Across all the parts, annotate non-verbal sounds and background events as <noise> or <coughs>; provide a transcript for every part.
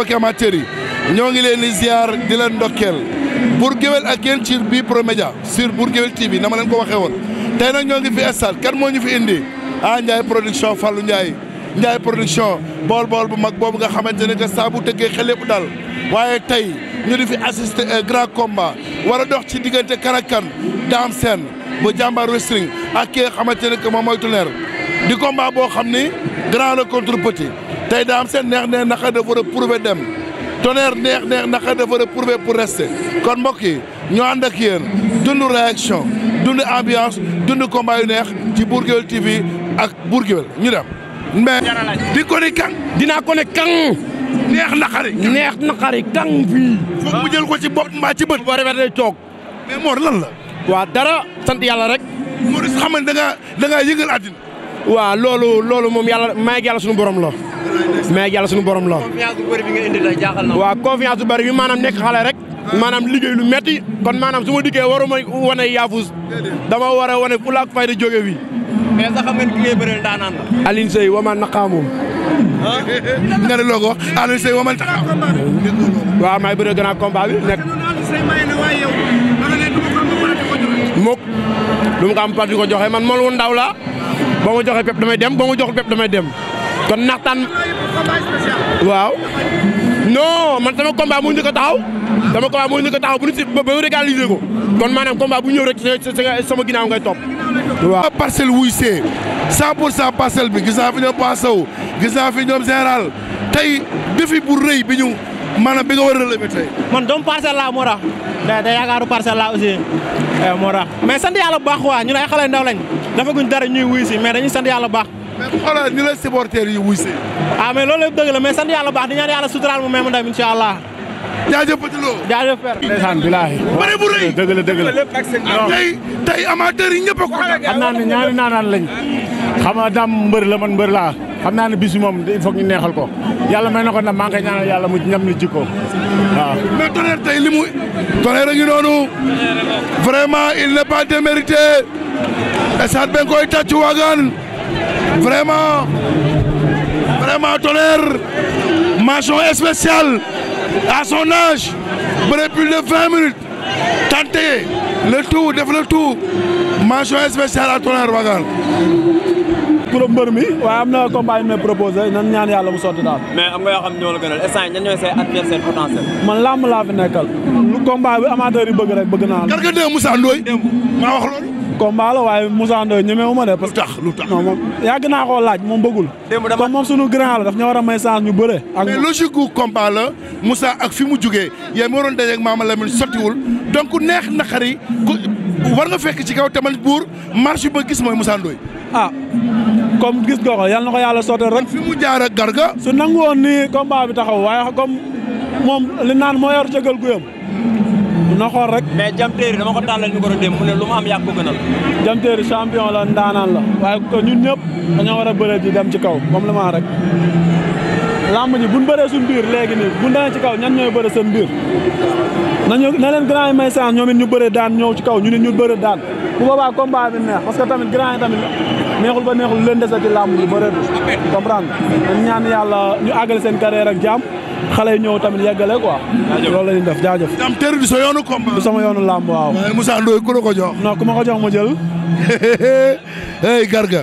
mbokki amateur yi ñoo ngi leen di ziar di leen ndokkeel Bour Gueweul ak yéen ci bi Promédia sur Bour Gueweul TV na nama leen ko waxee woon tey nag ñoo ngi fi stade kan moo ñu fi indi ah Ndiaye production Fallou Ndiaye Ndiaye production bool bool bu mag boobu nga xamante ne que saa bu tëggee xel yëpp daal waaye tey ñu di fi assister e grand combat war a dox ci diggante kan ak kan Dame Sène bu jàmbaar wrestling ak ki nga xamante ne que moom mooy Tonnerre di combat boo xam ni grand la contre petit. tey daam seen neex neex naka dafa reprouvé dem tonnerre neex neex naka dafa reprouvé pour rester kon mbokk ñoo ànd ak yéen dund réaction dund ambiance dund combat yu neex ci Bour Gueweul ak Bour Gueweul ñu dem. mais di ko ni kan. dinaa ko ne neex naqari. neex naqari kan fii. foog mu jël ko ci bopp mbaa ci bët. boo toog. mais Mor lan la. waa dara sant yàlla rek. Mor xam nga da ngaa da waaw loolu loolu moom yàlla may suñu borom la. may yàlla suñu borom la. confiance bu bëri bi nga nekk xale rek. maanam liggéey lu metti kon maanaam su ma dikkee waruma wane yaafus. dama war a wane fulaak fayda jóge wi. mais sax xam ngeen ki ngay bëreel daanaan la. Alioune Seye wama maa ngi bëree gànnaaw combat nekk. mukk lu mu ko joxe man mool wu ndaw boo ma joxee pep damay dem boo ma joxul pep damay dem kon naxtaan. waaw. non man sama combat mu ñu ko taxaw sama combat mu ñu ko taxaw bu ñu si ba ba régaliser ko kon maanaam combat bu ñëw rek sama ginaaw ngay topp. waaw parcelle wuy see 100 pour cent parcelle bi gis naa fi ñoom Passow gis naa fi ñoom général tey défi bu rëy bi ñu. maanaam bi nga war a relever man doomu parcelle laa moo tax day day yaakaaru parcelle laa aussi eh, moo tax mais sant yàlla bu baax waa ñun ay xale ndaw lañ dafa guñ dara ñuy wuy si mais dañuy sant yàlla bu baax. mais bu xoolee ni la supporters yi wuy si. ah mais loolu yëpp dëgg la mais sant yàlla baax di ñaan yàlla suturaal mu may mu dem incha allah. jaajëf Petit Lo. jaajëf dëgg la dëgg la tey yi ñëpp a ko. xam naa dam mbër la man mbër laa xam naa ne bis moom il faut ñu neexal ko yàlla may na ko ndam maa ngi mu ñam li jikko waaw. mais Tonnerre tey li mu. Tonnerre ngi noonu vraiment il n'est pas démérité stade bi nga koy tàcc waagaan vraiment vraiment Tonnerre mention spéciale à son âge bëre plus de vingt minutes tenté le tout def le tout mention spéciale à Tonnerre pro mbër mi waaye am na combat yu ñu may proposé nan ñaan yàlla mu sotti daal. mais am nga yoo xam ñoo la gënal ñan ñooy say adversaire potentiel. man làmb laa fi nekkal. lu combat bi amateur yi bëgg rek bëgg naa la. kàr wax loolu. combat waaye Moussa Ndoye ñemewu ma de. parce que lu tax lu tax non grand la daf ñoo war a may ñu bëre. ak mais logique gu combat fi mu jugee yéen mi waroon dajeeg Mama Lamine sottiwul donc neex naqari ku war nga fekk ci kaw tamit buur marche ba gis mooy Moussa Ndoye a ah, comme gis nga ko yal na ko yàlla sottal rek. fi mu jaar ak garga. su nangu woon nii combat bi taxaw waaye comme moom li naan moo yor jëgal guyam na xool rek. mais Diam Terry dama ko tàllal ñu ko dem mu ne lu mu am yàgg ko gënal. Diam Terry champion la ndaanaan la ñëpp dañoo war a bëre di dem ci kaw moom la ma rek. làmb ji buñ bëree suñ biir léegi nii buñ demee ci kaw ñan ñoo ñooy bëre seen biir nañu na leen grand yi may chance ñoom it ñu bëre daan ñëw ci kaw ñu ne ñu bëre daan bu boobaa combat bi neex parce que tamit grand yi tamit neexul ba neexul leen dese ci làmb ji bëreetul comprendre dañ ñaan yàlla ñu àggale seen carrière ak jàmm xale yi ñëw tamit yeggale quoi loolu la ñuy def jaajëf jàmm teeru du sa yoonu du sama yoonu làmb waaw Moussa Ndoye ku la ko jox non ku ma ko jox ma jël <laughs> hey Garga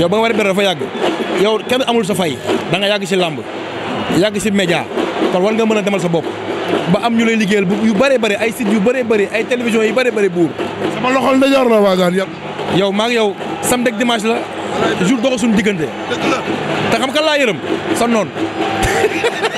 yow ba nga war a bëre dafa yàgg yow kenn amul sa fay da nga yàgg si làmb yàgg si média kon war nga mën a demal sa bopp ba am ñu lay liggéeyal bu yu bëree bëri ay sit yu bëree bëri ay télévision yu bëree bëri buur sama loxol ndajoor la waagaan yëpp yow maa ngi yow samedi ak dimanche la jour doxo suñu diggante te xam ka laa yërëm sa noon <laughs>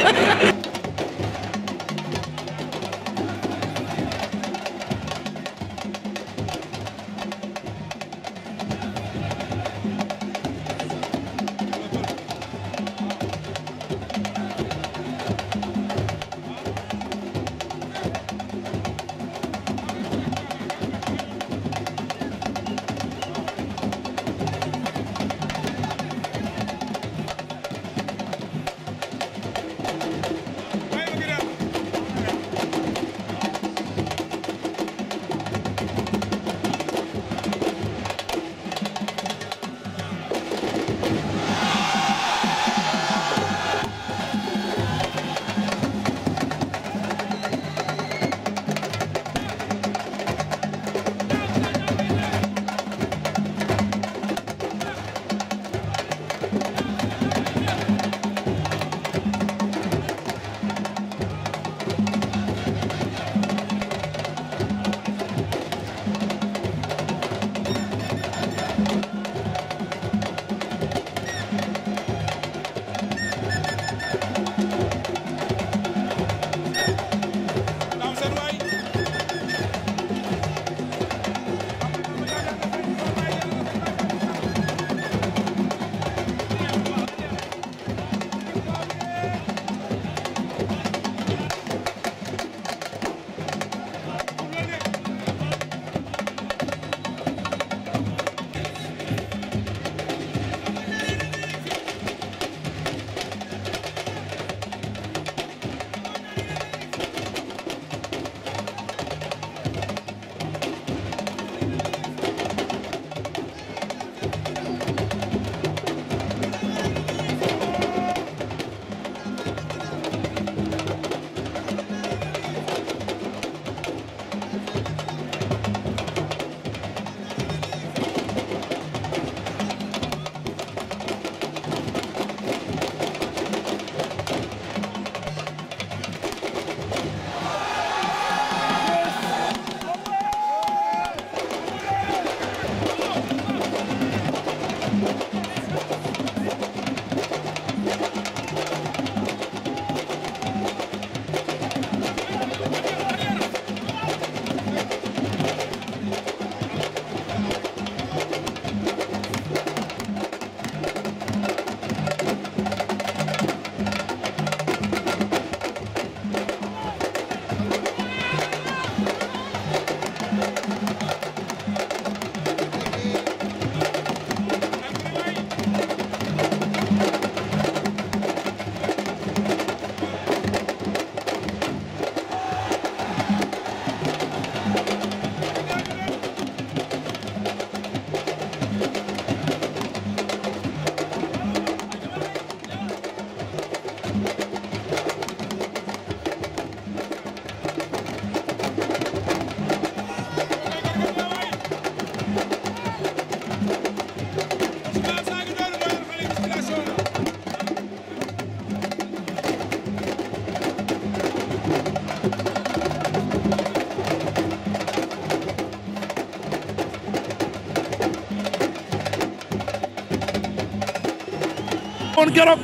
amoon keroog.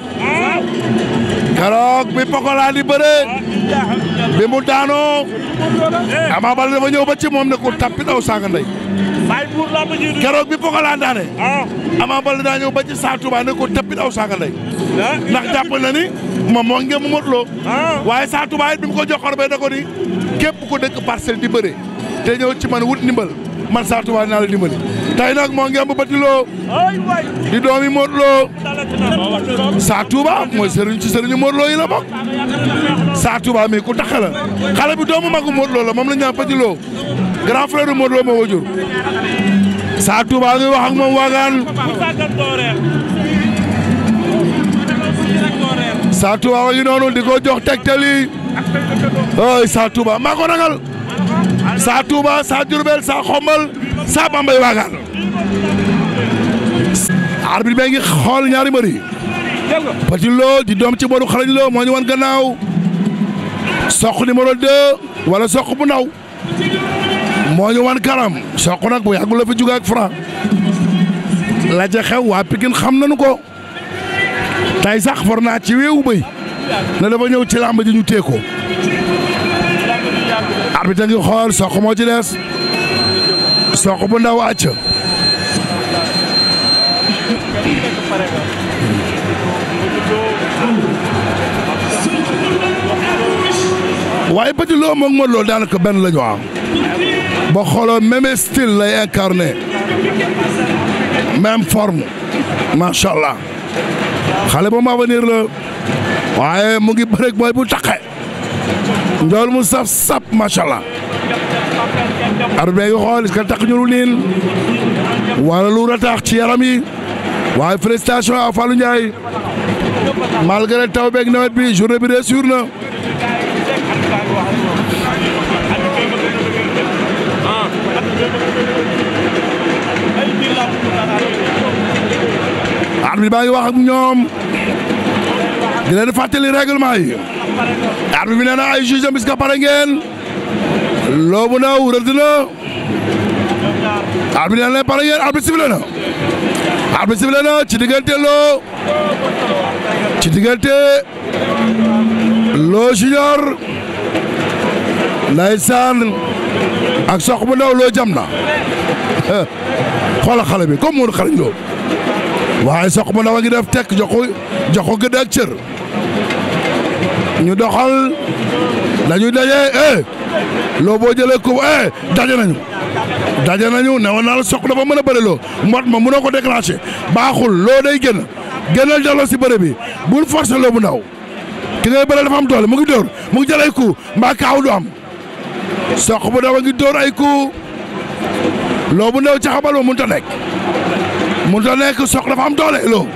keroog bi Pokola di bëree. bi mu daanoo. Ama Baldé dafa ñëw ba ci moom ne ko tappi daw sànq ndey. bi Pokola daane. Ama Baldé daa ñëw ba ci saa Touba ne aw tappi daw sànq na ni moom moo ngi mu motloo. waaye saa Touba bi mu ko joxoon bay da ko ni képp ku dëkk parcelle di bëree. te ñëw ci man wut ndimbal man saa Touba dinaa la dimbali. tey moo ngemb Petit Lo di doomi Modou saa Touba mooy sëriñ ci sëriñu Modou Lo yi la bokk saa Touba mi ku tax la bi doomu magu Modou la moom la ñu naan Petit Lo grand frère moo ko saa Touba ngi wax ak saa Touba di ko jox tegtal yi ooy saa Touba maa ko ragal saa Xombal saa Bambey waagaan arbitre bee ngi xool ñaari mbër yi Petit Lo di doom ci boru xarañ loo moo ñu wan gannaaw soq numéro 2 wala soq bu ndaw moo ñu wan karam soq nag bu yàggu la fi jug ak la ca waa Pikine xam nañu ko tey sax for naa ci weewu béy ne dafa ñëw ci làmb ji ñu téye ko arbitre ngi xool soq moo ci soq bu ndaw àcc waaye Petit Lo moom Modou Lo daanaka benn la ñu am ah. ba xooloo même style lay incarné même forme macha allah xale ba mu avenir la waaye mu ngi bëreeg booy bu taqe njool mu saf sap macha allah arbitre bi ngi xool est taq ñu lu niin wala lu rataax ci yaram yi. waaye félicitation à Fallou Ndiaye malgré taw beeg nawet bi journée bi réussir na. arbitre baa ngi wax ak ñoom di leen fàttali règlement yi arbitre bi nee na ay juge bis ka pare ngeen loobu naw rëdd na arbitre nee na pare ngeen arbitre bi la ci diggante loo ci diggante Lô Junior ndeysaan ak sox bu ndaw Lô jam <laughs> xoola xale bi comme moonu xarañ loo waaye sox bu ndaw a ngi def tekk jox ko jox ñu doxal dañuy daje eh Lô boo jëlee ko eh daje nañu daje nañu ne woon naa la Sokh dafa mën a bëriloo mot ma mënoo ko déclenché baaxul loo day gën gënal delloo si bëre bi bul forcer loo bu ndaw ki ngay bëre dafa am doole mu ngi dóor mu ngi jël ay coup mbaa kaaw du am Sokh bu ndaw ngi dóor ay coup loo bu ndaw caxabal ma mënut a nekk mënut a nekk Sokh dafa am doole loo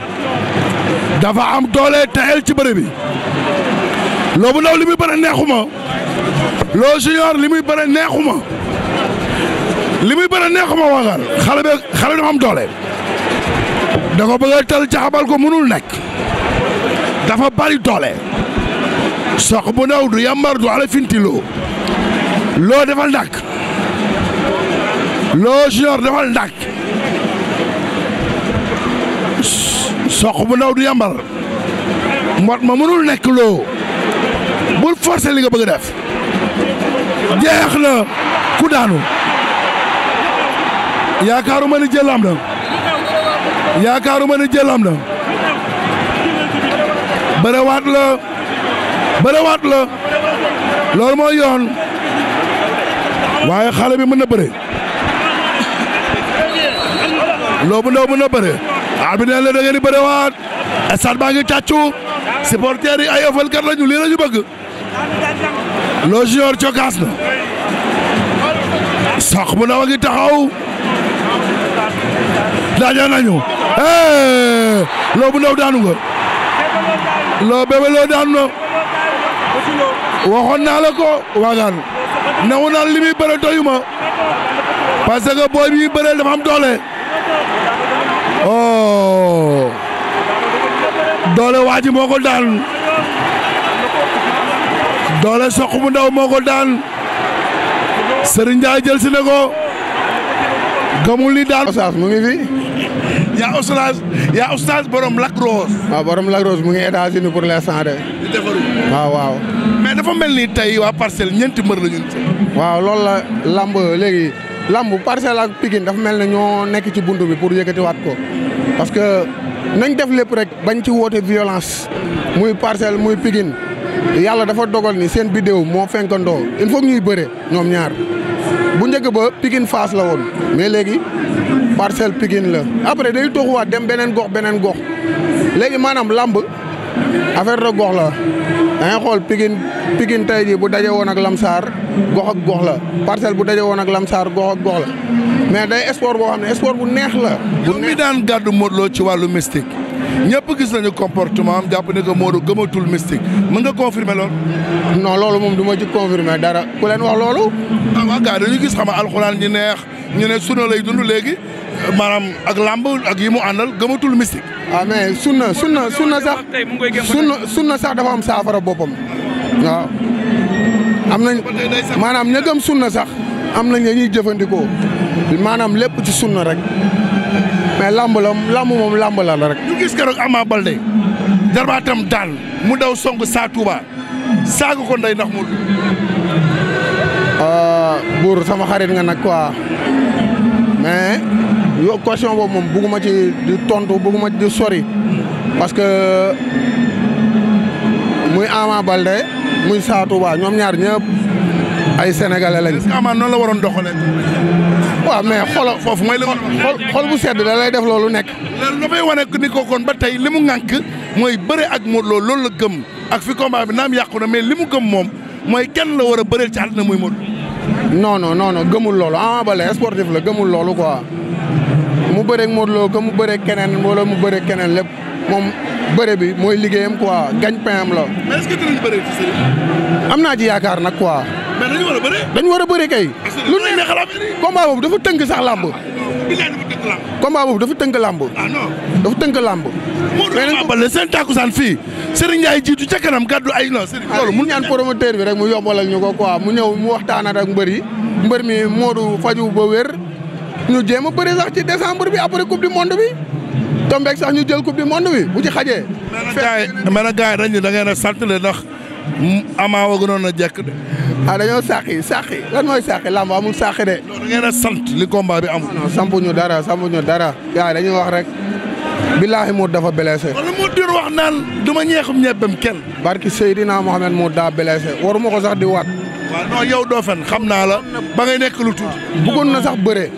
dafa am doole teel ci bëre bi loo bu ndaw li muy bëre neexuma loo junior li muy bëre neexuma bëre neexuma waxal xale bi xale dafa am doole da ko bëgg a tal jaxabal ko mënul nekk dafa bari doole soq bu ndaw du yambar du ala fintiloo loo defal ndàkk loo junior defal ndàkk soq bu naw du yambar mot ma mënul nekk loo bul forcer li nga bëgg def jeex na ku daanu yaakaaruma ni jël am na yaakaaruma ni jël am na bërewaat la bërewaat la loolu mooy yoon waaye xale bi mën na bëre loobu ndaw mën na bëre aar bi neen la da ngeen di bërewaat stade baa ngi càccu supporters yi ay ëffalkat lañu ñu lañu bëgg Lô Junior cokaas na sax bu ndaw a ngi taxaw daje nañu eh loo bu ndaw daanu nga loo bébé daanu na waxoon naa la ko waagaan nangu naan li muy bëre doyuma parce que booy bi bëre dafa am doole oh doole waaji moo ko doole soq bu ndaw moo ko daan ko gamul ni daan. Osaas mu ngi fi. yaa oustaz yaa oustaz borom Lac Rose. waaw borom Lac Rose mu ngi États-Unis pour l'instant de. waaw waaw. mais dafa mel ni tey waa parcelle ñeenti mbër la waaw loolu la lamb léegi lamb parcelle ak Pikine dafa mel na ñoo nekk ci buntu bi pour yëkkatiwaat ko parce que nañ def lépp rek bañ ci woote violence muy parcelle muy Pikine yàlla dafa dogal ni seen bidéo moo fenkandoo il faut ñuy bëre ñoom ñaar bu njëkk ba Pikine faas la woon mais léegi. parcelle Pikine la après day toxuwaat dem beneen gox beneen gox léegi maanaam lamb affaire de gox la da ngay xool Pikine Pikine tey jii bu daje woon ak Lamsaar gox ak gox la parcelle bu daje woon ak Lamsaar gox ak gox la mais day sport boo xam ne sport bu neex la. bu mi daan gàddu Modou ci wàllu mystique ñëpp gis nañu comportement jàpp ne que Modou gëmatul mistik mën nga confirmer loolu. non loolu moom du ma ci confirmer dara ku leen wax loolu. ah waaw gars dañu gis xam nga alxuraan ñu neex ñu ne sunu lay dund léegi maanaam ak làmb ak yi mu àndal gëmatul mystique. ah mais sunna sunna sunna sax sunna sunna sax dafa am saafara boppam waaw am nañ maanaam ña gëm sunna sax am na la ñuy jëfandikoo maanaam lépp ci sunna rek mais làmb la làmb moom làmb la la rek. ñu gis keroog Ama Baldé jarbaatam daan mu daw song saa Touba saagu ko ndey ndax mu. Ah, buur sama xarit nga nag quoi mais. yo question boobu moom bëgguma ci di tontu bëgguma ci di sori parce que muy Ama Baldé muy Satou Ba ñoom ñaar ñëpp ay sénégalais lañ. est-ce que Ama noonu la waroon doxalee. waaw mais xolo foofu mooy li xol bu sedd da lay def loolu nekk. loolu dafay wane ni ko kon ba tey li mu ŋànk mooy bëre ak Modou loolu la gëm ak fi combat bi naam yàqu na mais li mu gëm moom mooy kenn la war a bëreel ci àddina mooy Modou. non non gëmul loolu Ama Baldé sportif la gëmul loolu quoi. mu bëreeg Modou Lo que mu bëreeg keneen mu bëreeg keneen lépp moom bëre bi mooy liggéeyam quoi gagne-pain am la. mais est-ce que dinañ am naa ci yaakaar nag quoi. mais dañu war a bëre. dañu war a bëre kay. lu ne ne xalaat combat boobu dafa tënk sax làmb. combat boobu dafa tënk làmb. ah non dafa tënk làmb. mais nag seen tàkkusaan fii Serigne Ndiaye jiitu ca kanam gàddu ay no Serigne. loolu mun ñaan promoteur bi rek mu yombalal ñu ko quoi mu ñëw mu waxtaan ak mbër yi mbër mi Modou faju ñu jéem a bëri sax ci décembre bi après coupe du monde bi tombeeg sax ñu jël coupe du monde bi bu ci xajee. mais nag gars yi dañ ne da ngeen a saltale ndax amaa wa gënoon a jekk de. ah dañoo saaxi saaxi lan mooy saaxi làmb amul saaxi de. sant li combat bi amul. non sampuñu dara sampuñu dara. gars yi dañuy wax rek. billaahi Modou dafa blessé. wala Modou Dior wax naan du ma ñeexum ñebbam kenn. barki Seydina Mohamed Modou ko sax di waat. waaw non yow doo fen xam naa la. ba ngay nekk lu tuuti. bëggoon na sax bëre.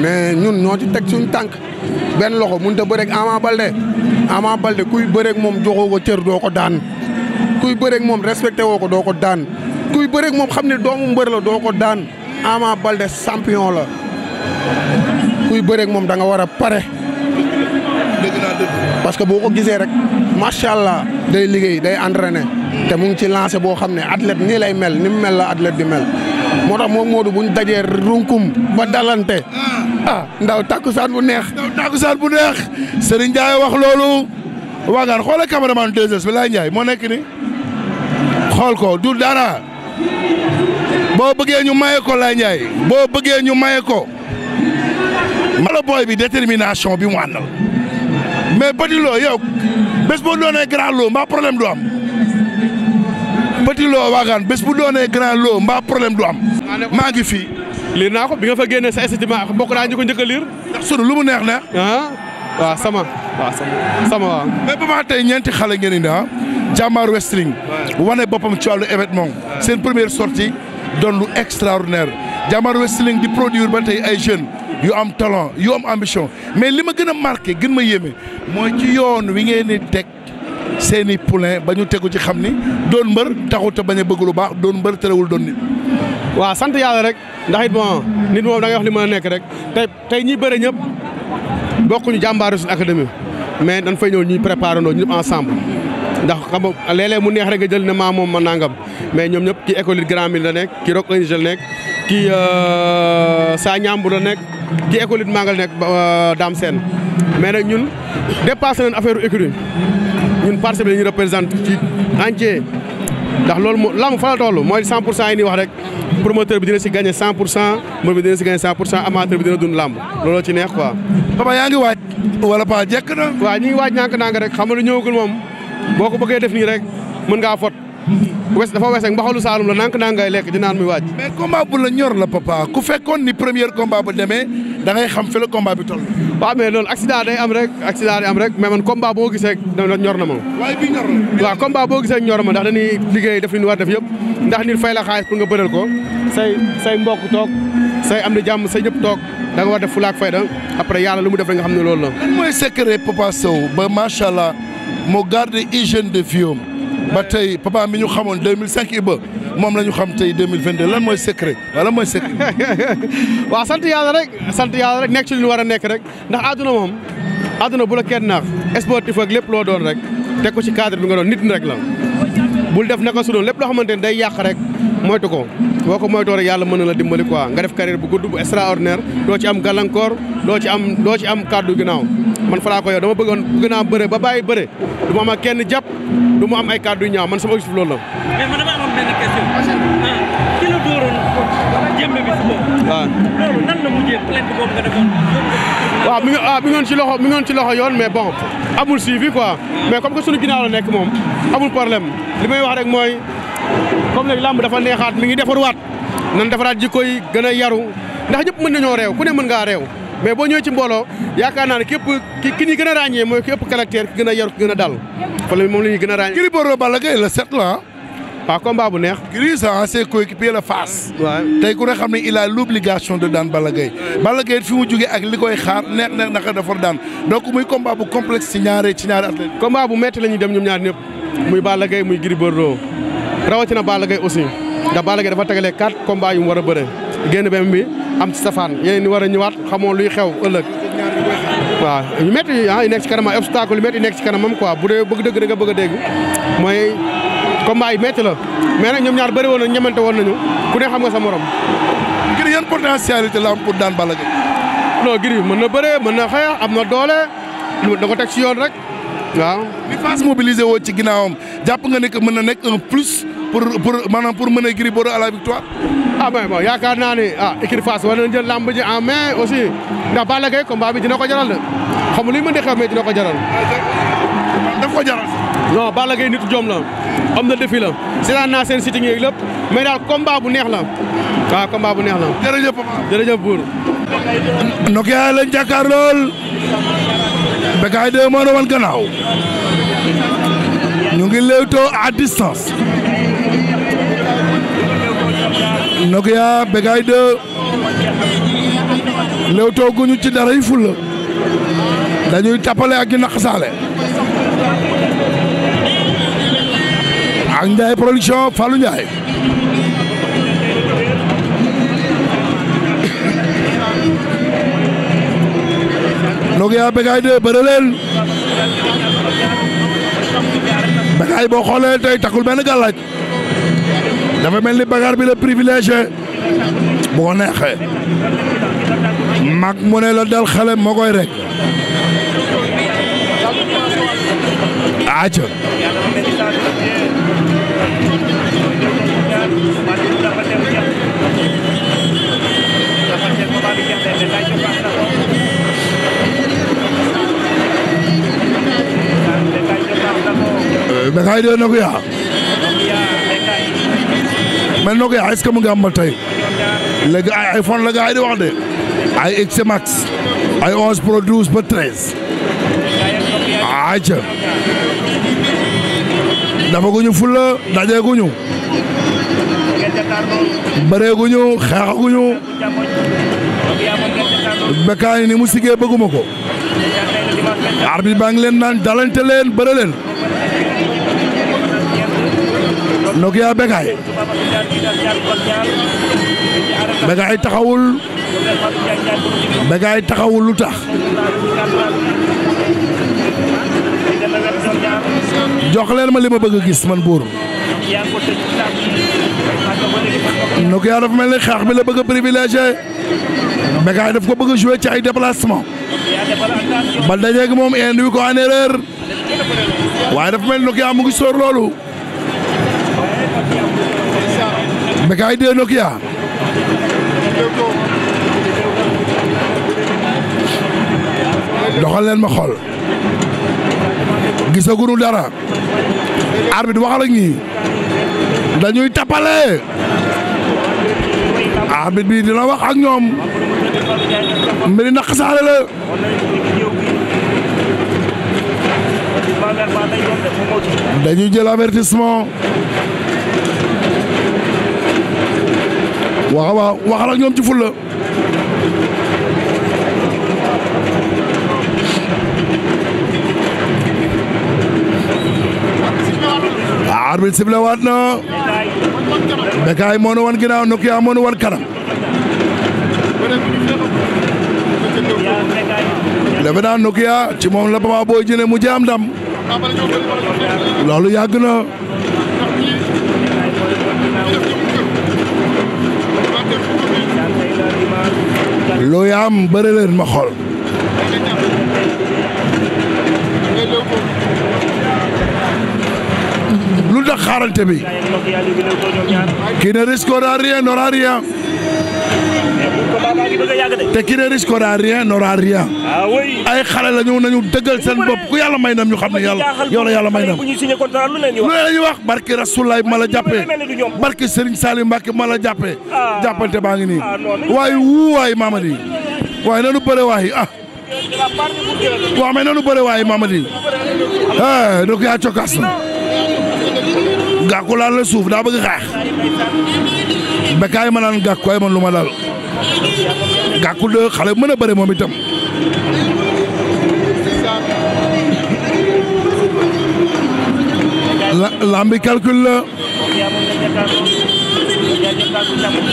mais ñun ñoo ci teg suñ tànk benn loxo mënut a bëreeg Ama Baldé Ama Baldé kuy bëreek moom joxoo ko cër doo ko daan kuy bëreek moom respecté woo ko doo ko daan kuy bëreeg moom xam ne doomu mbër la doo ko daan Ama Baldé champion la kuy bëreeg moom da war a pare. dëgg naa parce que boo ko gisee rek macha allah day liggéey day entraîné te mu ngi ci lancé boo xam ne athlète nii lay mel ni mu mel la athlète di mel moo tax moom Modou bu ñu dajee runkum ba dalante. a <laughs> ndaw takkusaan bu neex. ndaw takkusaan bu neex Serigne Ndiaye wax loolu. wagaan xoolal cameraman 2 bi laay Ndiaye moo nekk ni xool ko du dara boo bëggee ñu maye ko laay Ndiaye boo bëggee ñu maye ko. mala booy bi détermination bi mu àndal mais Petit Lo yow bés boo doonee grand Lo mbaa problème du am Petit loo wagaan bés bu doonee grand Lo mbaa du am. maa ngi fii. liir naa ko bi nga fa génnee sa estimation bokk naa ñu ko njëkk a liir. ndax sunu lu mu neex neex. ah waaw sama waaw sama sama waaw. mais tey ñeenti xale ngeen ah. jàmbaar wrestling. wane boppam ci wàllu événement. seen première sortie doon lu extraordinaire. jàmbaar wrestling di produire ba tey ay jeunes. yu am talent yu am ambition mais li ma gën a marqué gën ma yéeme mooy ci yoon wi ngeen di teg seeni i ba ñu tegu ci xam ni doon mbër taxut bañ a bëgg lu baax doon mbër terewul doon nit. waaw sant yàlla rek. ndax it bon nit moom da ngay wax li mën a nekk rek tey tey ñi bëre ñëpp bokkuñu jàmbaaru suñu académie mais dañ fay ñëw ñuy préparé ndoo ñu ñëpp ensemble ndax xam nga mu neex rek nga jël ne maa moom ma nangam mais ñoom ñëpp ki école Grand Mille la nekk ki Rock Angel la nekk ki euh, saa ñambu la nekk ki école Mangal nekk euh, Dame Sène mais nag ñun dépassé nañ affaire écurie ñun parcelle bi ñu représenté ci entier ndax loolu moo lamb fa la toll mooy 100 pour cent yi ñuy wax rek promoteur bi dina si gagné 100 pour cent mbër bi dina si gagné 100 pour cent amateur bi dina dund lamb looloo ci neex quoi. papa yaa ngi waaj. wala pa jekk na. waaw ngi waaj ñànk-ñànk rek xam nga lu moom boo ko bëggee def nii rek mën ngaa fot wes dafa wes ak mbaxalu Saalum la nank nangay lekk di naan muy waaj. mais combat bu la ñor la papa ku fekkoon ni premier combat bu demee da ngay xam fi la combat bi toll. waaw mais loolu accident day am rek accident day am rek mais man combat boo gisee ñor na ma. waaye bi ñor na. boo gisee ñor ma ndax dañuy liggéey def li ñu war def yëpp ndax nit fay la xaalis pour nga bëral ko say say mbokk toog say am di jàmm say ñëpp toog da nga war def fulaak fayda après yàlla lu mu def rek nga xam ne loolu la. lan mooy secret Papa Sow ba macha allah mu garder hygiène de vie ba tey papa bi ñu xamoon 2005 Iba moom la ñu xam tey 2022 lan mooy secret wala mooy secret. <laughs> waaw sant yàlla rek sant yàlla rek nekk ci li war a nekk rek ndax àdduna moom àdduna bu la kenn naax sportif ak lépp loo doon rek teg ko ci cadre bi nga doon nit ñi rek la. bul def naka su doon lépp loo xamante ni day yàq rek moytu ko boo ko moytoo rek yàlla mën na la dimbali quoi nga def carrière bu gudd bu extraordinaire loo ci am gàllankoor loo ci am doo ci am kàddu ginnaaw. man fa laa dama bëggoon bëgg naa bëre ba bàyyi bëre du ma am ak kenn jàpp du mu am ay kàddu ñaaw man sama objectif loolu la. mais man dama amoon benn question. Ah, ah, ki la si ah, ci loxo mi ngi ci loxo yoon mais bon amul suivi quoi mais comme que sunu ginnaaw nekk moom amul problème li may wax rek mooy comme léegi làmb dafa neexaat mi ngi waat nan defaraat jikko yi gën a yaru ndax ñëpp mën nañoo réew ku ne mën ngaa réew. mais boo ñëwee ci mbooloo yaakaar naa ne képp ki ñuy gën a ràññee mooy képp caractère ki gën a yaru ki a dal wala moom la ñuy gën a ràññee. Gris Bordeaux Balla Gaye la set la a ah, combat bu neex. Gris ah c'est coéquipier la face. tey ku ne xam ne il a l'obligation de daan Balla Gaye. Balla Gaye fi mu jugee ak li koy xaar neex neex naka dafa daan donc muy combat bu complexe ci ñaare ci ñaare athlètes. combat bu métti la ñuy dem ñoom ñaar ñëpp muy Balla Gaye muy Gris Bordeaux rawatina Balla Gaye aussi ndax Balla Gaye dafa tegalee quatre combats yu mu war a bëre génn benn bi. am ci safaan yeneen ni war a ñëwaat xamoo luy xew ëllëg waaw yu métti ah yu nekk ci kanamam obstacle yu métti yu nekk ci kanamam quoi bu dee bëgg dëgg da nga bëgg a dégg mooy combat yi métti la mais nag ñoom ñaar bëri woon nañu ñemante woon nañu ku ne xam nga sa morom. ngir yan potentialité la am pour daan Balla Gaye non ngir mën na bëree mën na xeex am na doole da ko teg ci yoon rek waaw. ni phase mobilisé woo ci ginnaawam jàpp nga ne que mën na nekk un plus. pour pour maanaam pour mener Gris ah yaakaar naa ne ah war nañu jël lamb ji en main aussi ndax Balla Gaye combat bi dina ko jaral de xam nga li mën di xew ko jaral. daf ko jaral. non Balla Gaye nit jom la am na défi la seetaan naa seen sitting yeeg lépp mais daal combat bu neex la waaw combat bu neex la. jërëjëf papa jërëjëf buur. Nokia lañ lool. Bécaye 2 moo doon wan gannaaw ñu ngi léewtoo à distance Nokia Bégaye 2 léewtoo guñu ci dara yi ful dañuy tappale ak ñu naqasaale ak Ndiaye production Fallou Ndiaye Nokia Bégaye 2 bëre leen boo xoolee tey takkul benn gàllaaj dafa mel ni bagaar bi la privilégié neexee mag mu ne moo koy rek aca ɓe eh, kay de no kuya mel na ko yaa est-ce que mu ngi amal tey léegi ay iPhone la di wax de ay XC max ay 11 pro 12 ba 13 aca dafa guñu fulla daje guñu bëree guñu xeexa guñu bekkaani ni mu siggee bëgguma ko arbi baa ngi leen naan dalante leen bëre leen Nokia Bécaye Bécaye taxawul Bécaye taxawul lu tax jox leen ma li ma bëgg gis man buur Nokia dafa mel ni xeex bi la bëgg a privilégié daf ko bëgg a joué ci ay déplacement ba dajeeg moom indi ko en erreur waaye mel ni Nokia mu ngi sóor loolu Becaye 2 Nokia doxal leen ma xool gisagunu dara arbitre waxal ak ñi dañuy tappale arbitre bi dina wax ak ñoom mbiri naq saale la dañuy jël avertissement waaw waaw waxal ak ñoom ci fulla ah, arbitre sifflé waat na Bécaye moo nu wan ginnaaw Nokia moo nu wan kanam lefe naa Nokia ci moom la Papa Boy mu jaam ndam loolu yàgg na lu yaam bëri leen ma xool. lu tax xaarante bi. qui ne risquera rien n'aura rien. te qui ne risque rien n'aura ah ay xale la ñëw nañu dëggal seen bopp ku yàlla may nam ñu xam ne yàlla yow yàlla may nam lu ne la ñuy wax barki Rasulaay ma la jàppee barki ah. Serigne Saliou Mbacke ma la jàppee jàppante baa ngi nii ah, waaye wuu waay Mamadi waaye nanu bëre waay ah waaw mais nanu bëre Mamadi ah donc yaa cokkaas na gàkku laal la suuf daa bëgg xaax bekaay ma naan gàkku ay man lu ma daal gàkku de xale mën a bëre moom itam lambi calcul la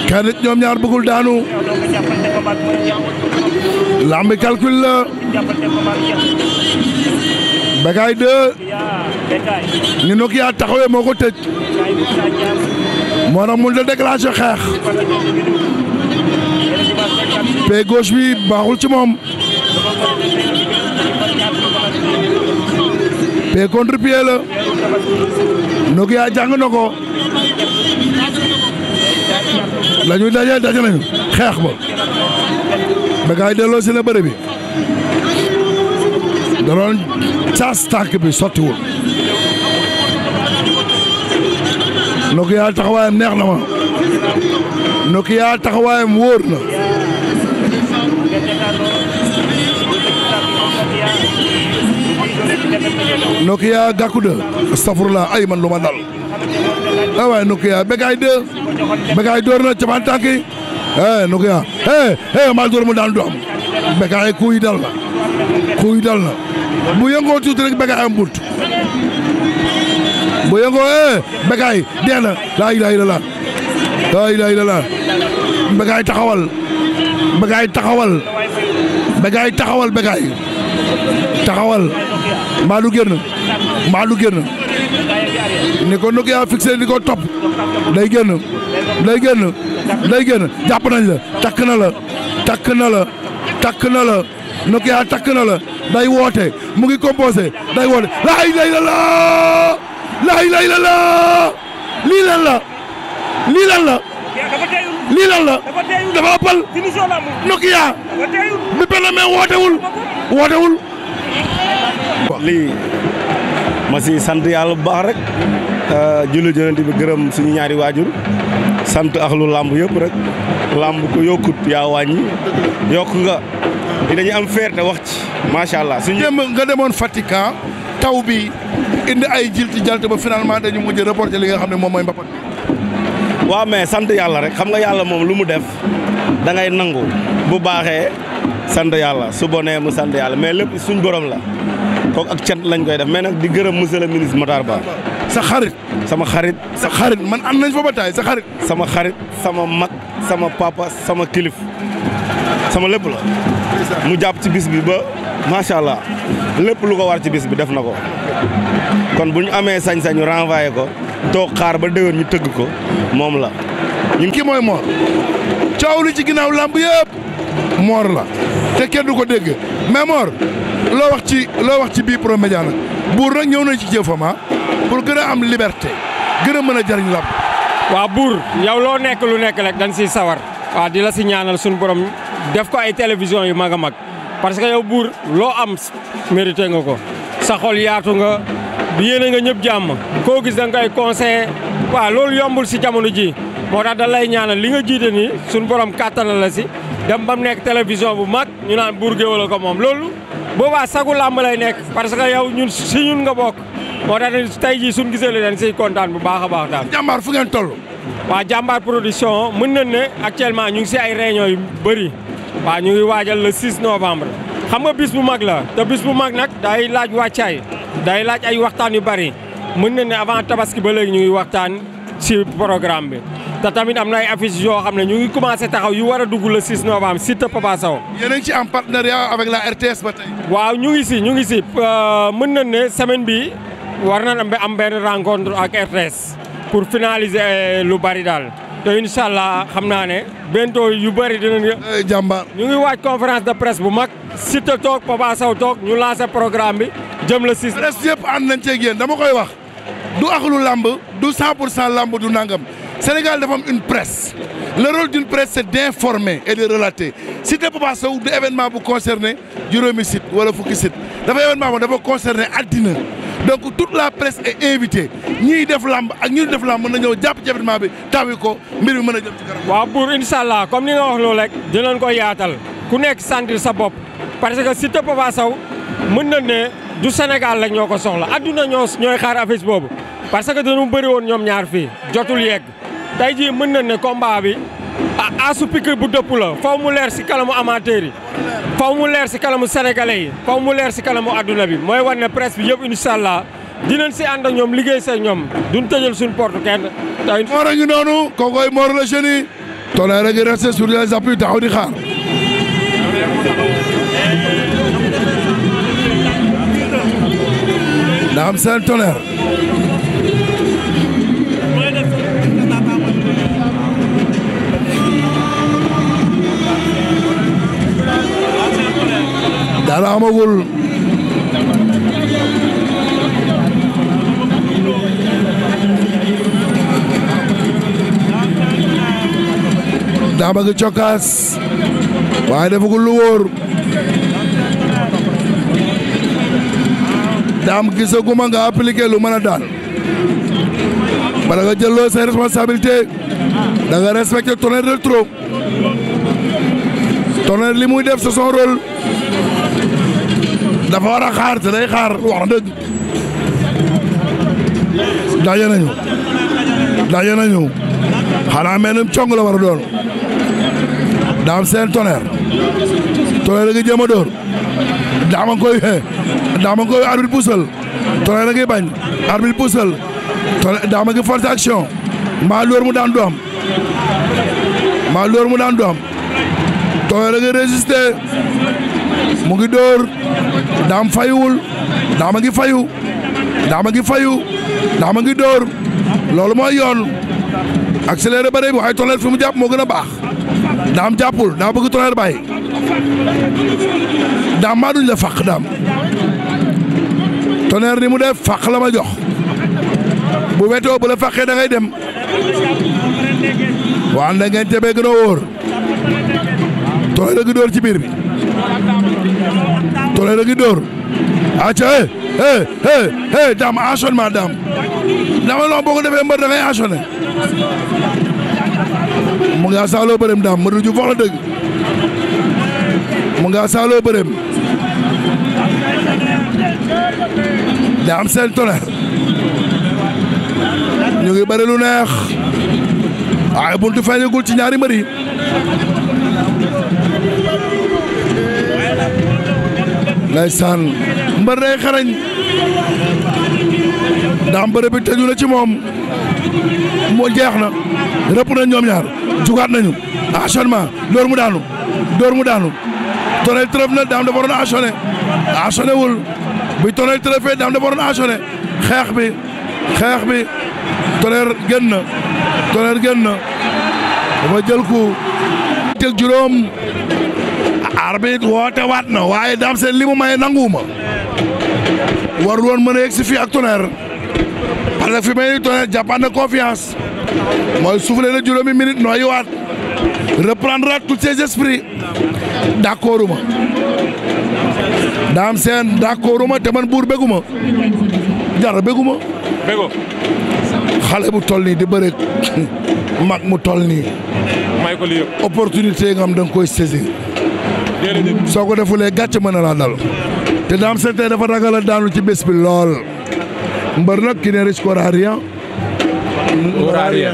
kenn ñoom ñaar bëggul daanu lambi calcul la Bécaye 2 ni Nokia yaa taxawee moo ko tëj moo tax mun da déclenché xeex pied gauche bi baaxul ci moom pied contre pied la Nokia jàng na ko la ñuy daje daje xeex ba Bécaye delloo si na bëre bi da doon caas tànk bi sottiwul Nokia taxawaayam neex na ma Nokia taxawaayam wóor na Nokia Gakou 2 astafurlah ay man lu ma dal ah waay Nokia Bécaye 2 Bécaye door na cabaan tànk eh, eh, door mu daan doom Bécaye kuy dal na kuy bu yëngoo tuuti rek Bécaye am bunt bu yëngoo eh Bécaye dee laa ilaaha illallaah laa taxawal Bécaye taxawal Bécaye taxawal Bécaye. taxawal mbaa du génn mbaa du génn ni ko nu yaa ni ko topp day génn day génn day génn jàpp nañ la takk na la takk na la takk na la nu yaa takk na la day woote mu ngi composé day woote laay lay la laa laay lay la lii lan la lii la la dafa appal nu yaa mi benn mee wootewul wootewul lii ma si sant yàlla bu baax rek euh, julli jënanti bi gërëm suñu ñaari waajur sant lu làmb yëpp rek làmb ko yokkut yaa wàññi yokk nga dañu am fierté wax ci macha allah suñu démb nga demoon Fatick ah, taw bi indi ay jilti jalte ba finalement dañu mujj reporté li nga xam ne moom mooy mbapat waaw mais sant yàlla rek xam nga yàlla moom lu mu def da ngay nangu bu baaxee sant yàlla su bonee mu sant yàlla mais lépp suñ borom la kooku ak cant lañ koy def mais nag di gërëm monsieur le ministre Matar Ba. sa xarit. sama xarit. sa xarit man am nañ fa ba taay sa xarit. sama xarit sama mag sama papa sama kilif sama lépp la. mu jàpp ci bis bi ba macha allah lépp lu ko war ci bis bi def na ko. kon bu ñu amee sañ-sañu renvoyé ko toog xaar ba déwén ñu tëgg ko moom la. ñun kii mooy Mor. coow li ci ginnaaw làmb yëpp. moor la te kenn du ko dégg mais Mor loo wax ci loo wax ci bii pour Média nag buur nag ñëw nañ ci jëfama ah, pour gën a am liberte gën a mën a jariñ làmb waaw buur yow loo nekk lu nekk rek dañ siy sawar waaw di la si ñaanal suñu borom def ko ay télévision yu mag a mag parce que yow buur loo am mérité nga ko sa xol yaatu nga yéene nga ñëpp jàmm koo gis da nga koy waaw loolu yombul si jamono ji moo tax da ñaanal li nga jiite nii suñu borom kàttanal la si dem ba mu nekk télévision bu mag ñu naan buur géwël ko moom loolu boobaa sagu làmb lay nekk parce que yow ñun si ñun nga bokk moo tax tey jii suñu gisee leen siy kontaan bu baax a baax daal. jàmbaar fu ngeen tollu waa jàmbaar production mën nañ ne actuellement ñu ngi si ay réunion yu bëri waa ñu ngi waajal le 6 novembre. xam nga bis bu mag la te bis bu mag nag day laaj wàccaay day laaj ay waxtaan yu bëri mën nañ ne avant tabaski ba léegi ñu ngi waxtaan. ci programme bi te tamit am na ay affiches yoo xam ne ñu ngi commencé taxaw yu war a dugg le 6 novembre Siteu Papa Sow. yéen a ngi ci en partenariat avec la RTS ba tey. waaw ñu ngi si ñu ngi si euh, mën nañ ne semaine bi war na am benn rencontre ak RTS pour finaliser euh, lu bari daal te incha xam naa ne bientôt yu bari dinañ. Eh, jàmba ñu ngi waaj conférence de presse bu mag Siteu toog Papa Sow toog ñu lancé programme bi jëm le 6. presse yëpp ànd nañ cee yéen dama koy wax. du axlu làmb du 100 pour cent làmb du nangam Sénégal dafa am une presse le rôle d'une presse c'est d'informer et de relater site Papa du événement bu concerné juróomi site wala fukki site dafa événement moom dafa concerné àddina donc toute la presse est invitée ñiy def làmb ak ñi def làmb mën na ñëw jàpp ci événement bi tawi ko mbir mi mën a jëm ci kanam. waaw pour incha allah ni nga wax loolu rek dinañ ko yaatal ku nekk sentir sa bopp parce que site Papa mën na ne. du senegal rek ñoo ko soxla adduna ñoo ñooy xaar affiche boobu parce que dañu bëri woon ñoom ñaar fii jotul yegg tey jii mën na ne combat bi asu pique bu dëpp la faw mu leer si kalamu amateur yi faw mu leer si kalamu sénégalais yi faw mu leer si kalamu adduna bi mooy wan ne presse bi yëpp incha allah dinañ si ànd ak ñoom liggéey sa ñoom duñ tëjal suñ porte kenn tey a ngi noonu kookoy moor la jeune yi Tonnerre a ngi resté sur les appuis taxaw xaar ndax am seen Tonnerre dara amagul daa bëgg cokkaas waaye defagul lu daam gisaguma nga appliqué lu mën a daan bala nga jëloo say responsabilité da nga respecté Tonnerre de trop Tonnerre li muy def c'est son dafa war a xaar te xaar wax na dëgg daje nañu daje nañu xanaa mel ni cong la war a doon daam seen Tonnerre Tonnerre nga jëm a daa ma koy daa ma koy arbitre puusal Tonnerre bañ arbitre puusal Tonnerre ma ngi forcé maa lóor mu daan du am maa lóor mu daan du am Tonnerre résisté mu ngi dóor daam fayuwul daa ma ngi fayu daa ma ngi fayu daa ma ngi dóor loolu mooy yoon accéléré ba rëy waaye Tonnerre fi mu jàpp moo gën a baax. daam jàppul daa bëgg Tonnerre bàyyi daam maa duñ la fàq daam Tonnerre ni mu def fàq la ma jox bu wetoo bu la fàqee da dem waan da ngeen tebee gën a wóor Tonnerre gi dóor ci biir bi Tonnerre gi dóor aca eh eh eh, eh daam enchaînement daam dama loo boo ko defee mbër da ngay mu ngaa saaloo bërëm daam Modou Diouf wax la dëgg mu ngaa saaloo bërëm daam seen Tonnerre ñu ngi bëri lu neex waaye buntu feeñagul ci ñaari mbër yi ndeysaan mbër day xarañ daam bërëb bi tëju ci moom moo jeex na rëpp na ñoom ñaar jugaat nañu actionnement door mu daanu door mu daanu tonel trëf na daam dafa waroon actionné actionné wul bi tonel trëfee daam dafa waroon actionné xeex bi xeex bi tonel génn na tonel génn na dafa jël ko teg juróom arbitre woote waat na waaye daam seen li mu maye nanguwuma warul woon mën a yegg si fii ak tonel ndax nag fi may ni Tonnerre jàppaan na confiance mooy soufflé na juróomi minute nooy waat reprendre à tous ses esprits d' daam seen d' accord uma te man buur béguma jar béguma bégo mu bu toll di bëre mag mu toll nii may ko li nga am da nga koy saisir soo ko defulee gàcce mën na laa dal te daam seen tey dafa ragal daanu ci bés bi lool mbër nag qui ne risque aura rien. aura rien.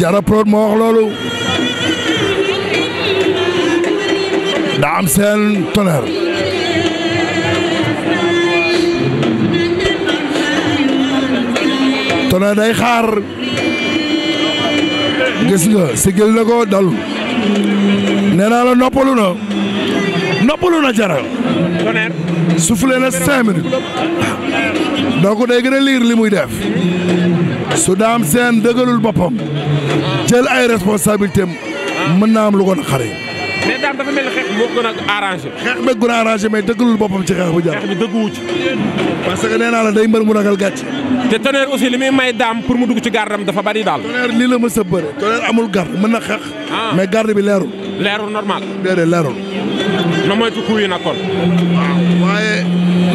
Jara Prod moo wax loolu. Dame day xaar. gis nga sigil na ko dalul. nee naa la na. noppalu na Jara. Tonnerre. soufflé donc day gën a liir li muy def su daam seen dëggalul boppam jël ay responsabilité am mën naa am lu ko naqari. mais daam dafa mel ni xeex moo gën a xeex bi gën a arrangé mais dëggalul ci xeex bu jàpp. bi dëgguwu ci. parce que nee naa la day mbër mu ragal gàcce. te tonnerre aussi li muy may daam pour mu dugg ci gardam dafa bari daal. tonnerre lii la mës a bëre tonnerre amul garde mën na xeex. Ah. mais garde bi leeru leerul normal. déedéet leerul. na moytu coup yi nag kon. waaw waaye.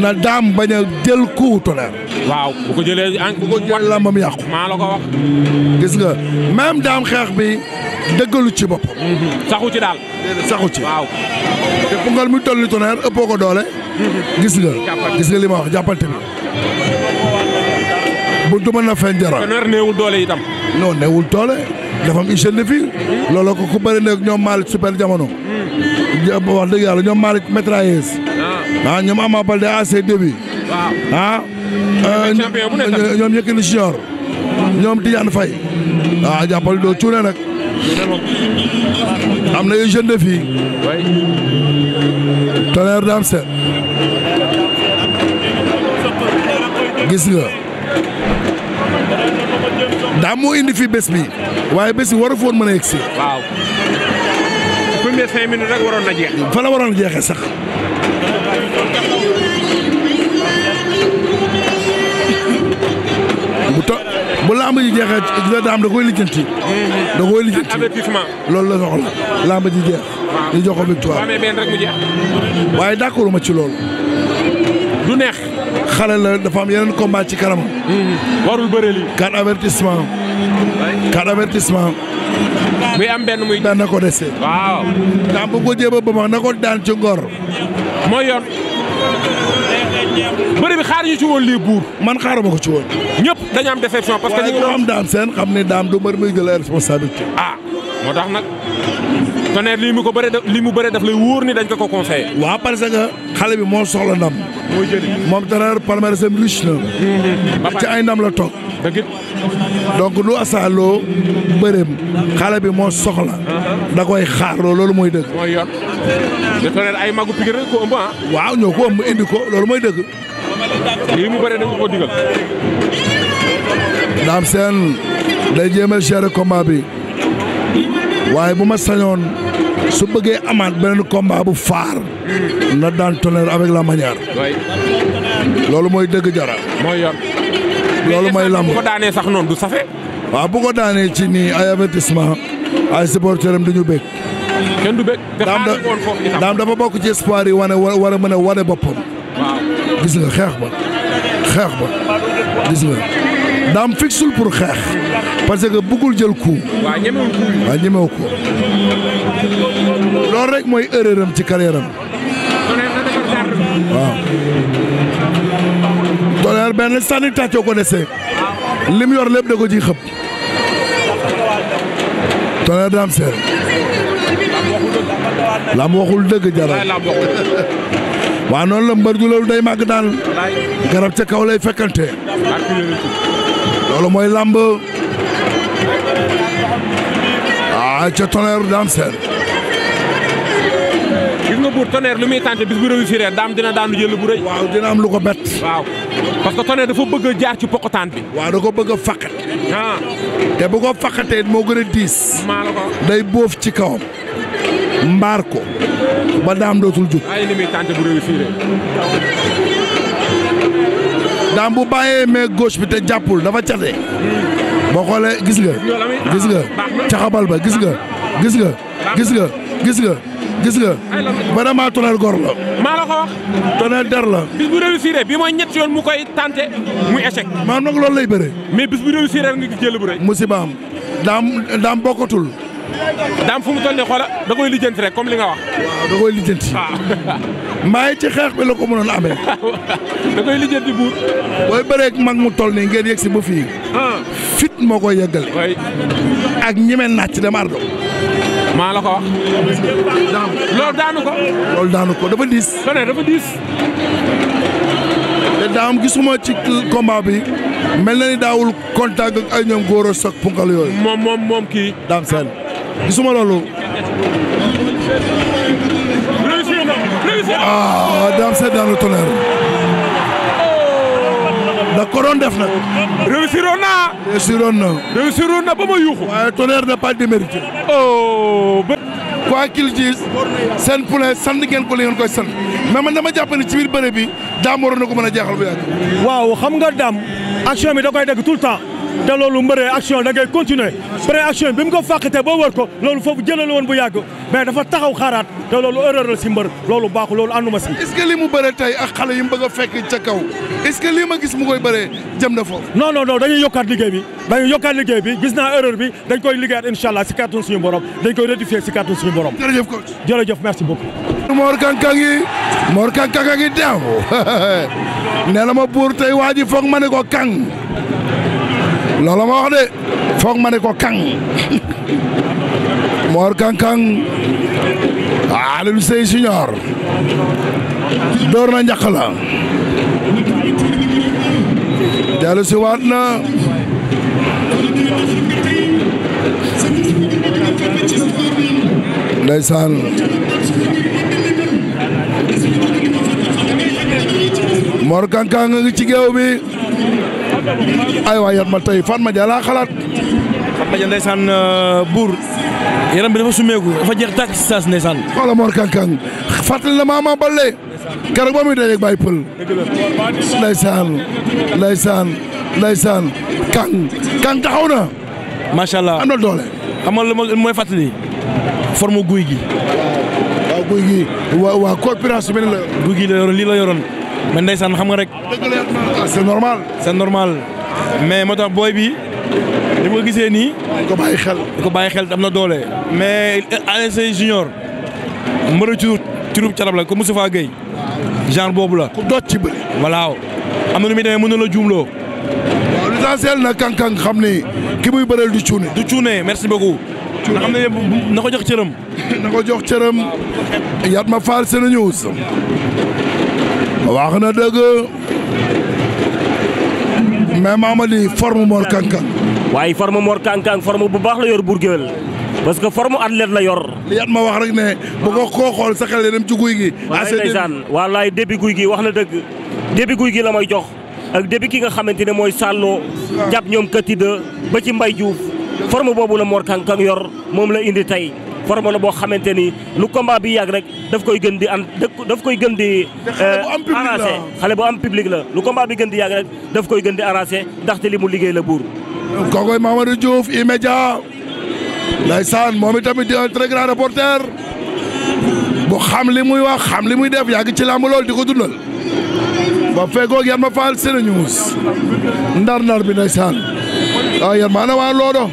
na daam bañ a jël coup Tonnerre. waaw bu ko jëlee en bu ko jëlee lambam yàqu. maa la daam xeex bi dëggalu ci boppam. Mhm. saxu ci daal. saxu ci waaw. te pungal mu toll Tonnerre ëppoo ko doole. Mhm. gis nga gis nga li ma wax jàppante bi. bu na feeñ jara. neewul doole itam. non neewul doole. dafa am hygiène de ku bëri ñoom Malick super jamono wax dëgg yàlla ñoom Malick mitrailleuse ah. ah ñoom Ama Baldé AC début ah euh, ñoom Yékini Junior ñoom Tidiane Faye ah jàppal doo cuune am na hygiène de vie Tonnerre Damsen gis nga daa moo indi fi bés waaye bés yi war a foon mën a yegg si. waaw. premier cinq minutes rek waroon na jeex. fa sax. bu to bu làmb ji jeexee dina daam da koy lijjanti. da koy lijjanti loolu la soxla làmb ji jeex. ñu jox ko victoire amee benn rek waaye d'accord ma ci lool du neex. xale la dafa am yeneen combat ci kanam. Mm-hmm. warul bëre lii. quatre ka avertissement muy am benn muy daan na ko dese waaw ndax bu ko jéem a ba na ko daan ci ngor mooy bi xaar ñu ci woon lii man xaaruma ko ci woon ñëpp dañu am déception parce que ñu seen xam ne daam du mbër muy jël responsabilité ah moo tax nag Tonnerre lii mu ko bëre lii mu bëre daf lay wóor ni dañ ko ko conseillé waaw parce que xale bi moo soxla ndam mooy jëli moom Tonnerre palmarès am riche na mm-hmm. ci ay ndam la toog donc lu asaaloo bëreem xale bi moo soxla. da koy xaarloo loolu mooy dëgg. mooy yor de ay magu Pikine rek ëmb ah. waaw ñoo ko ëmb indi ko loolu mooy dëgg. lii day jéem a gérer combat bi waaye bu ma sañoon su bëggee amaat beneen combat bu faar na daan tonnerre avec la manière. loolu mooy dëgg jara loolu mooy làmp bu daanee sax noonu du safe waaw bu ko daanee ci nii ay avertissement ay supporteurs am du ñu bëgg. kenn du daam dafa bokk ci espoir yi wane war a mën a wane boppam. gis nga xeex ba xeex ba gis nga daam fixul pour xeex parce que bëggul jël coup. waaw ñemewu ko waaw ñemewu rek mooy erreur ci carrière am waaw. weer benn sànni tàccoo ko lim yor lépp da ko ciy xëpp Tonnerre Dame Sène lam waxul dëgg jaral waa noonu la mbër ju loolu day màgg daal garab ca kaw lay fekkante loolu mooy làmb ah ca Tonnerre Dame Sène gis nga buur Tonnerre lu muy tànte bis bu réussir Dame dina daanu jël bu rëy waaw lu ko bett parce que Tonnerre dafa bëgg a jaar ci pokotaan bi. waa da ko bëgg a faqat. Ah. te bu moo gën a diis. day boof ci kawam. mbaar ko ba daam dootul jóg. ay li muy tànte bu mais gauche bi te jàppul dafa cate. Hmm. boo xoolee gis nga. gis nga ah, caxabal ba gis nga. gis nga gis nga gis nga. gis nga vraiment tonel gor la. maa la ko der la. bis bu réussir bi mooy ñett yoon mu koy tenté muy échec. maanaam nag loolu lay bëre. mais bis bu réussir nga gis jël bu rëy. musibaam daam daam bokkatul. daam fu mu toll nii xoola da koy lijjanti rek comme li nga wa da koy lijjanti. Ah. <laughs> maa ngi ci xeex bi la ko mënoon amee. <laughs> da koy buur. booy bëreeg mag mu tol nii ngeen yegg si ba fii. Ah. fit moo koy yeggal. ak ñi mel naaj ci maa la ko wax. loolu daanu ko. loolu daanu ko dafa diis. loolu dafa diis. te daam gisuma ci combat mel na ni daawul contact ak ay ñoom góor a punkal yooyu. moom moom moom daam seen gisuma loolu. ah daam seen daanu tonnerre. da ko def na réussiroon naa. réussiroon na. réussiroon na ba ma yuuxu. waaye Tonnerre n'a pas démérité. oh. quoi qu'il dise seen poulain sant ngeen ko li ngeen koy sant mais man dama jàpp ne ci biir bëre bi daam waroon na ko mën a jeexal bu yàgg. waaw xam nga daam action bi da koy dégg tout le te loolu mbëree action da ngay continuer pré bi mu ko fàqate ba wër ko loolu foofu jëlal woon bu yàgg mais dafa taxaw xaaraat te loolu erreur la si mbër loolu baaxul loolu ànduma si est-ce que li mu bëree tey ak xale yi mu bëgg a fekk ca kaw lii ma gis mu koy bëree jëm na foofu non non non dañuy yokkaat liggéey bi dañuy yokkaat liggéey bi gis naa erreur bi dañ koy liggéeyaat incha allah si carton suñu borom dañ koy rectifier si carton suñu borom jërëjëf coach jërëjëf merci beaucoup Mor <laughs> na ma buur tey waa ji foog ma ne ko kang loola ma wax de ma ne ko kang <laughs> moor kang-kang Alioune Seye Junior door na njaq la dellu si waat na ndeysaan moor kang-kang ngi ci géew bi ay waay yat ma tey Fatma Dia laa xalaat. Fatma Dia ndeysaan euh, buur yaram bi dafa sumeeku dafa jeex tàkk si saas ndeysaan. xoola Mor Kankang fàttali na Mama Baldé keroog ba muy dajeeg Baye Pël. ndeysaan ndeysaan Kang Kang taxaw na. macha allah am na doole. xam nga lu mooy fàttali forme guy gi. waaw guy gi waaw waaw coopération bi la. guy gi lii la yoroon. man ndeysaan xam nga rek. c'est normal. c'est normal mais moo tax booy bi di ko gisee nii. di ko bàyyi xel di ko bàyyi xel am na doole. mais ASC junior mbër ci turub carab la ko Moustapha Gueye genre boobu la. ku doot ci bëri. voilà am na nu muy demee mën na la juumloo. waaw l'essentiel na kankang xam ni ki muy bëreel du cuune. du cuune merci beaucoup. na xam ne na ko jox cëram. <laughs> na ko jox cëram. Yatma Fall Sene News. wax na dëgg mais Mamadi forme Mor Kankan waaye form moor Kankan form bu baax la yor Bour Gueweul parce que forme athlète la yor li yat ma wax rek ne bu ko ah. koo xool sa xel dem ci guy gi ndeysaan wallaay gi wax na dëgg début guy gi la may jox ak début ki nga xamante ne mooy sàlloo ah. jàpp ñoom katida ba ci mbay juuf forme boobu la Mor Kankan yor moom la indi tey promo boo xamante ni lu combat bi yàgg rek daf koy gën di am daf koy gën di. arrangé xale bu am public la lu combat bi gën di yàgg daf koy gën di arrangé ndaxte li mu liggéey la buur. kookoy Mamadou Diouf immédiat ndeysaan di un très grand xam li muy wax xam li muy def yàgg ci làmb lool di ko dundal ba fekkoog yan ma faal Sénégal Ndar Ndar bi ndeysaan waaw yan maana waa Loodo.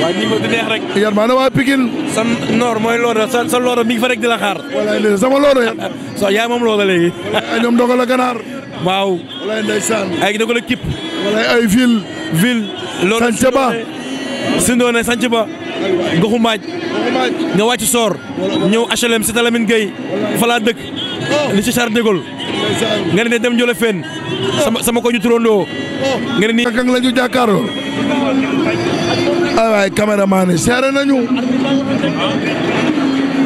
waaye yar maa waa Pikine. sa noor mooy looro sa sa looro mi ngi fa rek di la xaar. walaay léegi sama looro yar. <laughs> soo moom looro léegi. ay ñoom dogal a ganaar. <laughs> waaw. walaay ndeysaan. ay dogal a kip. walaay ay ville. ville. loolu sànce ba. Sindoone sànce ba. Goxumaaj. Goxumaaj. nga wàcc Soor. ñëw HLM Cité Lamine Gueye. fa laa dëkk. Oh. li ci Charles de Gaulle. nga ne dem Ndiol Fène. Oh. sama ko ñu turandoo. Oh. nga ne nii. kàkkaang la ay waay caméraman yi seere nañu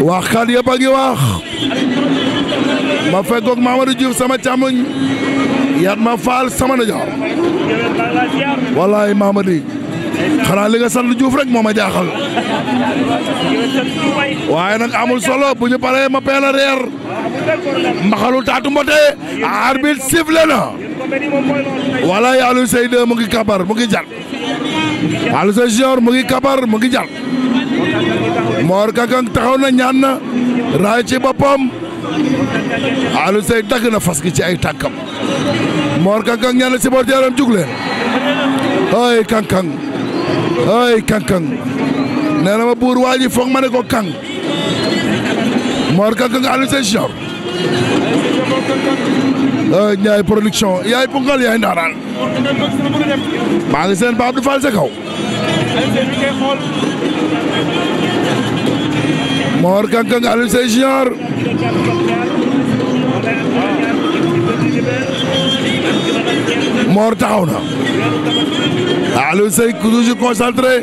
waxkat yëpp a ngi wax ma fekkoog Mamadou Diouf sama càmmoñ yaat ma faal sama ndijoor wallaay Mamadou xanaa li nga sant Diouf rek moo ma jaaxal waaye amul solo bu ñu paree ma peel reer mbaxalu taatu mbote arbitre sifflé na wala Aliou Seye 2 mu ngi kabar mu ngi jal Aliou Seye junior mu ngi kabar mu ngi jal Mor Kankang taxaw na ñaan na raay ci boppam Aliou Seye dagg na fas gi ci ay tànkam Mor Kankang ñaan na supporter am jug leen ay Kankang ay Kankang nee na ma buur waa ji foog ma ne ko Kang Mor Kankang Aliou Seye Junior Ndiaye production yaay pungal yaay ndaanaan maa ngi seen Pape Abdou Fall sa kaw Mor Kankang Aliou Seye Junior Mor taxaw na Aliou Seye toujours concentré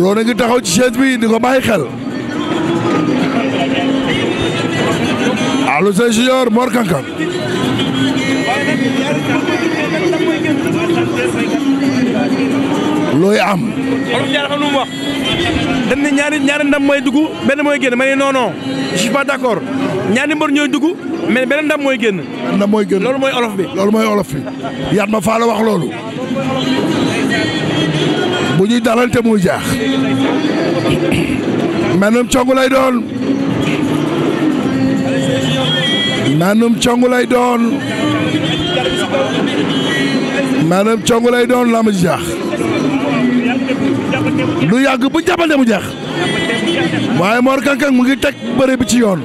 roona taxaw ci chaise bi di ko bàyyi xel Alou Seye Junior Mor Kankan looy am. olof Ndiaye dafa wax. dañ ñaari ñaari ndam mooy dugu benn mooy génn ma ne non non je ñaari mbër ñooy dugg mais benn ndam mooy génn. ndam mooy génn loolu mooy olof bi. loolu mooy olof bi yaat ma faala wax loolu. bu ñuy dalante muy jaax. <coughs> maanaam cong doon. naanum congu lay doon maanaam congu lay doon laa ma ci lu yàgg bu jàppante mu jeex waaye Mor Kang mu ngi teg bare bi ci yoon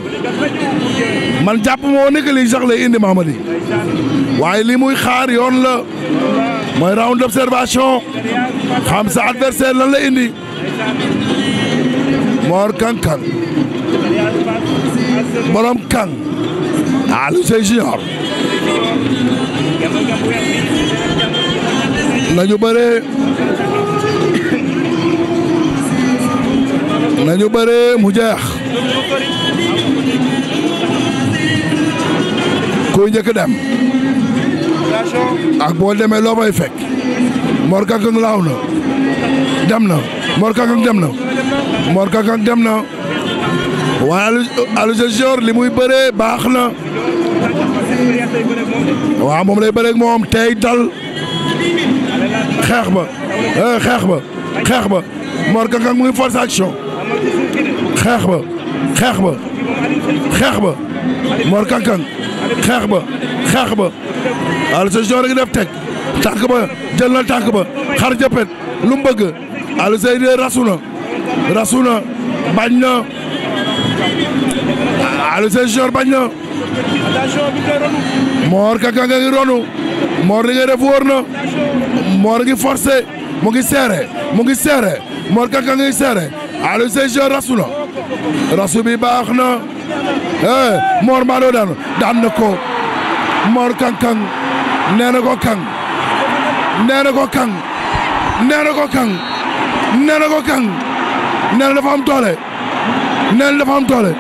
man jàpp moo woon que lii sax indi Mamadi waaye li muy xaar yoon la mooy round d'observation xam sa adversaire lan la indi Mor Kang Kang borom Kang. Alioune Seye Junior nañu bare nañu bëree mu jeex kuy njëkk dem ak boo demee loo may fekk Mor Kankang laaw na dem na Mor Kankang dem na Mor Kankang dem na waaye Alioune Seye li muy bëre baax na waaw moom lay bëree ak moom tey dal xeex ba eh, xeex ba xeex ba Mor Kang Kang mu ngi xeex ba xeex ba xeex ba Mor Kang Kang xeex ba xeex ba Alioune Seye rek def teg tànk ba jël na tànk ba xar jëppet lu mu bëgg Alioune rasuna rasuna bañ na. Aliou Seye Junior bañ na Mor Kaka nga ngi ronu Mor li ngay def wóor na Mor ngi forcé mu ngi seere mu ngi seere Mor Kaka ngi seere Aliou Seye Junior rasu na rasu bi baax na eh Mor maa doo daan daan na ko Mor Kankang nee na ko Kang nee na ko Kang nee na ko Kang nee na ko Kang nee na dafa am doole neen dafa tole doole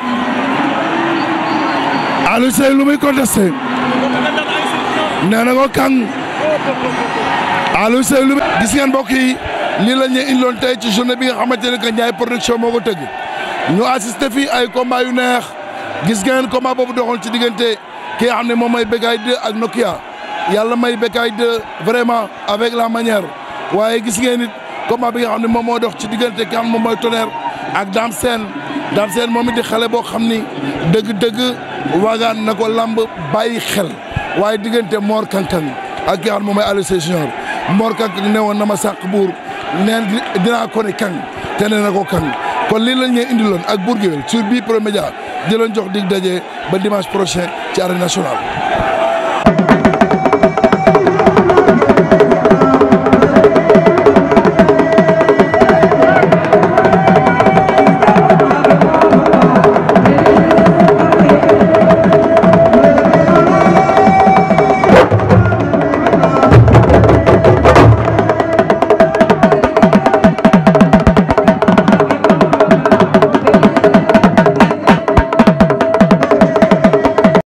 Aliou Seye lu muy contesté nee na ko kàng Aliou Seye lu gis ngeen mbokk yi lii la ñu indiloon tey ci journée bi nga xamante ne que Ndiaye production moo ko tëgg ñu fii ay combat yu neex gis ngeen combat boobu doxoon ci diggante ki nga xam ne moom may Bécaye 2 ak Nokia yàlla may Bécaye 2 vraiment avec la manière waaye gis ngeen it combat bi nga xam ne moom moo dox ci diggante ki nga xam ne moom mooy Tonnerre ak Dame Sène Dame Sène moom it di xale boo xam ni dëgg-dëgg waagaan na ko lamb bàyyi xel waaye diggante Mor Kankang ak ki nga xam moom mooy Aliou Sèye Junior Mor Kankang ne woon na ma sàq buur neen dinaa ko ne kang te nee na ko kan kon lii lañ leen indiloon ak Bour Gueweul sur bii Promédia di leen jox dig daje ba dimanche prochain ci arène nationale.